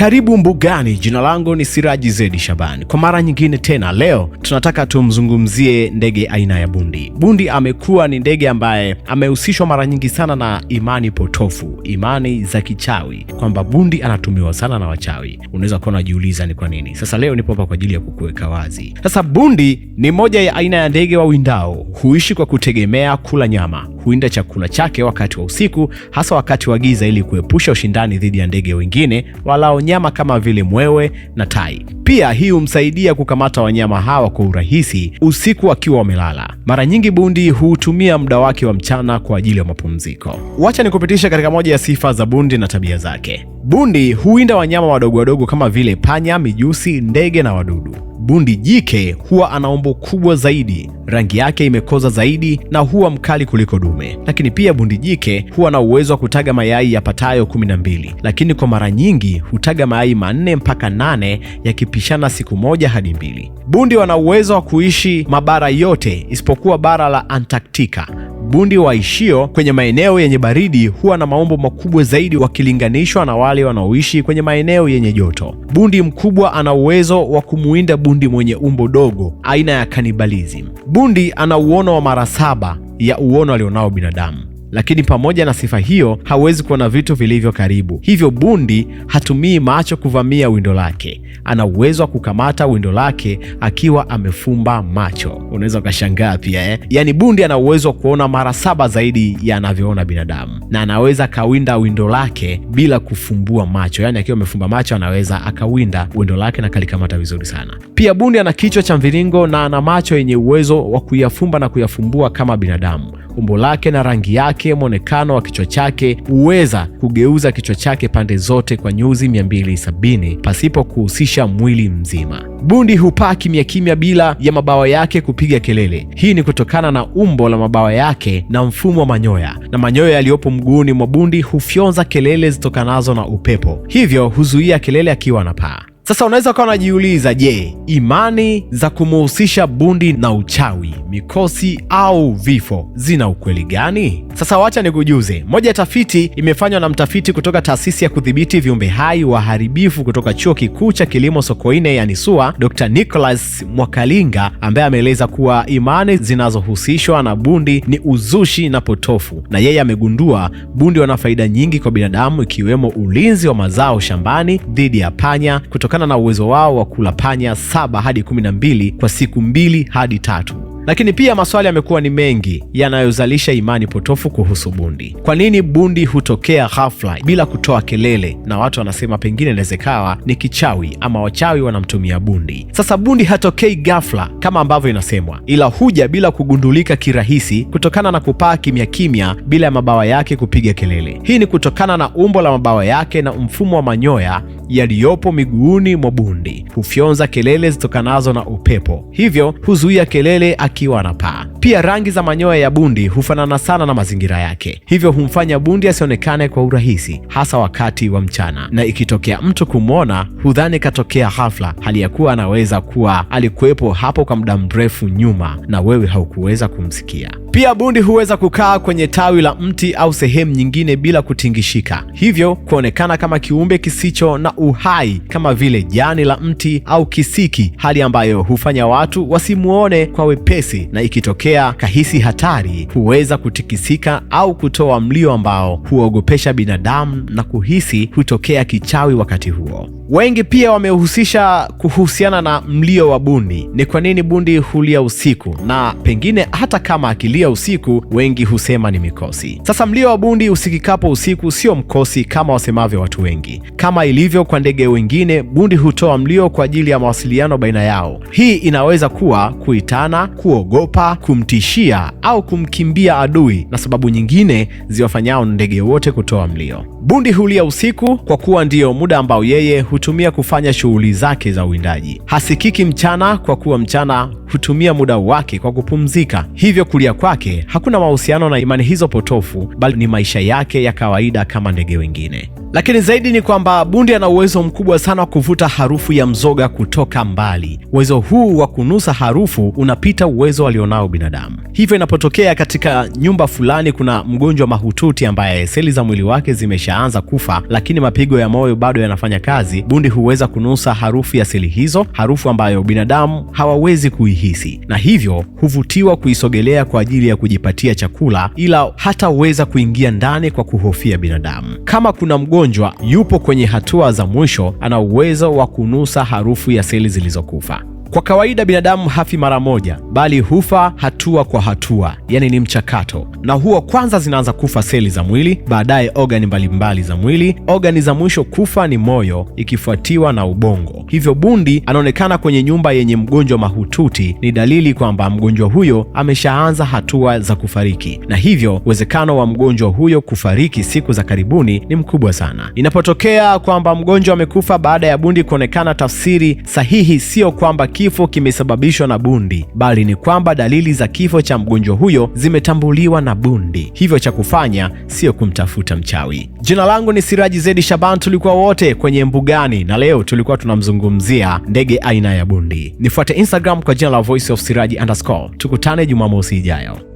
Karibu Mbugani. Jina langu ni Siraji Zedi Shabani. Kwa mara nyingine tena, leo tunataka tumzungumzie ndege aina ya bundi. Bundi amekuwa ni ndege ambaye amehusishwa mara nyingi sana na imani potofu, imani za kichawi, kwamba bundi anatumiwa sana na wachawi. Unaweza kuwa unajiuliza ni kwa nini. Sasa leo nipo hapa kwa ajili ya kukuweka wazi. Sasa bundi ni moja ya aina ya ndege wa windao, huishi kwa kutegemea kula nyama huinda chakula chake wakati wa usiku, hasa wakati wa giza, ili kuepusha ushindani dhidi ya ndege wengine walao nyama kama vile mwewe na tai. Pia hii humsaidia kukamata wanyama hawa kwa urahisi usiku wakiwa wamelala. Mara nyingi bundi huutumia muda wake wa mchana kwa ajili ya mapumziko. Wacha nikupitisha katika moja ya sifa za bundi na tabia zake. Bundi huinda wanyama wadogo wadogo kama vile panya, mijusi, ndege na wadudu. Bundi jike huwa ana umbo kubwa zaidi, rangi yake imekoza zaidi na huwa mkali kuliko dume. Lakini pia bundi jike huwa na uwezo wa kutaga mayai yapatayo kumi na mbili, lakini kwa mara nyingi hutaga mayai manne mpaka nane yakipishana siku moja hadi mbili. Bundi wana uwezo wa kuishi mabara yote isipokuwa bara la Antaktika bundi waishio kwenye maeneo yenye baridi huwa na maumbo makubwa zaidi wakilinganishwa na wale wanaoishi kwenye maeneo yenye joto. Bundi mkubwa ana uwezo wa kumuinda bundi mwenye umbo dogo, aina ya kanibalism. Bundi ana uono wa mara saba ya uono alionao binadamu lakini pamoja na sifa hiyo hawezi kuona vitu vilivyo karibu. Hivyo bundi hatumii macho kuvamia windo lake, ana uwezo wa kukamata windo lake akiwa amefumba macho. Unaweza ukashangaa pia eh? Yaani bundi ana uwezo wa kuona mara saba zaidi ya anavyoona binadamu, na anaweza akawinda windo lake bila kufumbua macho, yaani akiwa amefumba macho anaweza akawinda windo lake na kalikamata vizuri sana. Pia bundi ana kichwa cha mviringo na ana macho yenye uwezo wa kuyafumba na kuyafumbua kama binadamu. Umbo lake na rangi yake, mwonekano wa kichwa chake, huweza kugeuza kichwa chake pande zote kwa nyuzi 270 pasipo kuhusisha mwili mzima. Bundi hupaa kimya kimya bila ya mabawa yake kupiga kelele. Hii ni kutokana na umbo la mabawa yake na mfumo wa manyoya, na manyoya yaliyopo mguuni mwa bundi hufyonza kelele zitokanazo na upepo, hivyo huzuia kelele akiwa na paa sasa unaweza ukawa unajiuliza, je, imani za kumuhusisha bundi na uchawi, mikosi au vifo zina ukweli gani? Sasa wacha nikujuze. Moja ya tafiti imefanywa na mtafiti kutoka taasisi ya kudhibiti viumbe hai waharibifu kutoka chuo kikuu cha kilimo Sokoine yani SUA, Dr. Nicholas Mwakalinga ambaye ameeleza kuwa imani zinazohusishwa na bundi ni uzushi na potofu, na yeye amegundua bundi wana faida nyingi kwa binadamu, ikiwemo ulinzi wa mazao shambani dhidi ya panya kutokana kutokana na uwezo wao wa kula panya saba hadi kumi na mbili kwa siku mbili hadi tatu. Lakini pia maswali yamekuwa ni mengi yanayozalisha imani potofu kuhusu bundi. Kwa nini bundi hutokea ghafla bila kutoa kelele? Na watu wanasema pengine inaweza ikawa ni kichawi ama wachawi wanamtumia bundi. Sasa bundi hatokei ghafla kama ambavyo inasemwa, ila huja bila kugundulika kirahisi kutokana na kupaa kimya kimya bila ya mabawa yake kupiga kelele. Hii ni kutokana na umbo la mabawa yake na mfumo wa manyoya yaliyopo miguuni mwa bundi, hufyonza kelele zitokanazo na upepo, hivyo huzuia kelele akiwa anapaa. Pia rangi za manyoya ya bundi hufanana sana na mazingira yake, hivyo humfanya bundi asionekane kwa urahisi, hasa wakati wa mchana, na ikitokea mtu kumwona hudhani katokea ghafla, hali ya kuwa anaweza kuwa alikuwepo hapo kwa muda mrefu nyuma na wewe haukuweza kumsikia. Pia bundi huweza kukaa kwenye tawi la mti au sehemu nyingine bila kutingishika, hivyo kuonekana kama kiumbe kisicho na uhai kama vile jani la mti au kisiki, hali ambayo hufanya watu wasimwone kwa wepesi na ikitokea kutokea kahisi hatari, huweza kutikisika au kutoa mlio ambao huogopesha binadamu na kuhisi hutokea kichawi wakati huo. Wengi pia wamehusisha kuhusiana na mlio wa bundi. Ni kwa nini bundi hulia usiku? Na pengine hata kama akilia usiku, wengi husema ni mikosi. Sasa mlio wa bundi usikikapo usiku sio mkosi kama wasemavyo watu wengi. Kama ilivyo kwa ndege wengine, bundi hutoa mlio kwa ajili ya mawasiliano baina yao. Hii inaweza kuwa kuitana, kuogopa, kum kumtishia au kumkimbia adui na sababu nyingine ziwafanyao ndege wote kutoa mlio. Bundi hulia usiku kwa kuwa ndiyo muda ambao yeye hutumia kufanya shughuli zake za uwindaji. Hasikiki mchana kwa kuwa mchana hutumia muda wake kwa kupumzika, hivyo kulia kwake hakuna mahusiano na imani hizo potofu, bali ni maisha yake ya kawaida kama ndege wengine. Lakini zaidi ni kwamba bundi ana uwezo mkubwa sana wa kuvuta harufu ya mzoga kutoka mbali. Uwezo huu wa kunusa harufu unapita uwezo alionao binadamu. Hivyo inapotokea katika nyumba fulani kuna mgonjwa mahututi ambaye seli za mwili wake zimesha ameshaanza kufa, lakini mapigo ya moyo bado yanafanya kazi, bundi huweza kunusa harufu ya seli hizo, harufu ambayo binadamu hawawezi kuihisi, na hivyo huvutiwa kuisogelea kwa ajili ya kujipatia chakula, ila hataweza kuingia ndani kwa kuhofia binadamu. Kama kuna mgonjwa yupo kwenye hatua za mwisho, ana uwezo wa kunusa harufu ya seli zilizokufa. Kwa kawaida binadamu hafi mara moja, bali hufa hatua kwa hatua, yani ni mchakato, na huo kwanza zinaanza kufa seli za mwili, baadaye ogani mbalimbali za mwili. Ogani za mwisho kufa ni moyo, ikifuatiwa na ubongo. Hivyo bundi anaonekana kwenye nyumba yenye mgonjwa mahututi, ni dalili kwamba mgonjwa huyo ameshaanza hatua za kufariki, na hivyo uwezekano wa mgonjwa huyo kufariki siku za karibuni ni mkubwa sana. Inapotokea kwamba mgonjwa amekufa baada ya bundi kuonekana, tafsiri sahihi sio kwamba kifo kimesababishwa na bundi, bali ni kwamba dalili za kifo cha mgonjwa huyo zimetambuliwa na bundi, hivyo cha kufanya sio kumtafuta mchawi. Jina langu ni Siraji Zedi Shaban, tulikuwa wote kwenye Mbugani na leo tulikuwa tunamzungumzia ndege aina ya bundi. Nifuate Instagram kwa jina la Voice of Siraji underscore. Tukutane Jumamosi ijayo.